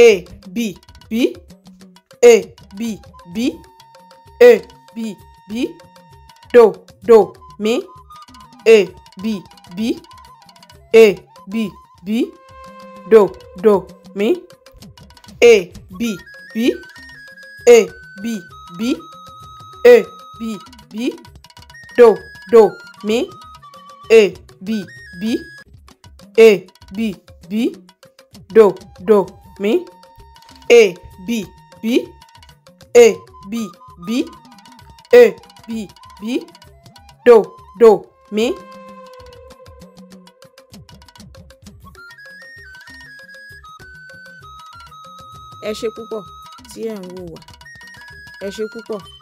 A A A A A A A B B B B B B B B B B B B B B Do Do Do Do A B B Do Do èbìbí A B B A B B Do Do mi a b b a b b a b b do do mi. ẹ ṣé púpọ̀ tí ẹ̀ ń wò wá ẹ ṣé púpọ̀.